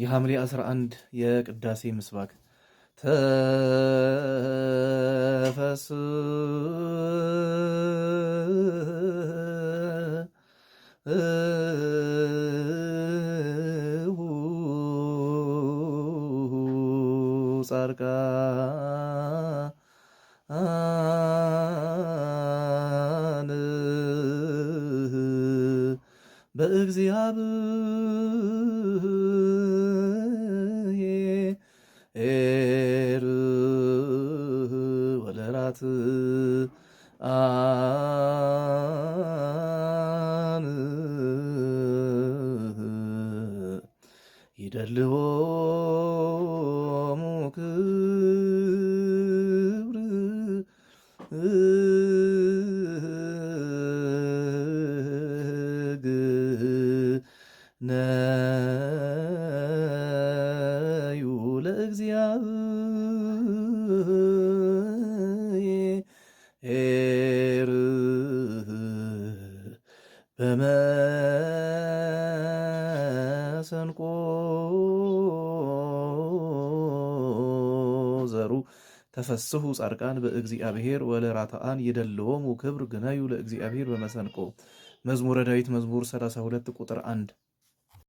የሐምሌ 11 የቅዳሴ ምስባክ ተፈሱ ጻርቃን በእግዚአብሔር ኤሉ ወለራት አን ይደልዎሙ ክብር ግነ ኤር በመሰንቆ ዘሩ ተፈስሑ ጻድቃን በእግዚአብሔር ወለራታአን የደለዎሙ ክብር ግናዩ ለእግዚአብሔር በመሰንቆ መዝሙረ ዳዊት መዝሙር 32 ቁጥር 1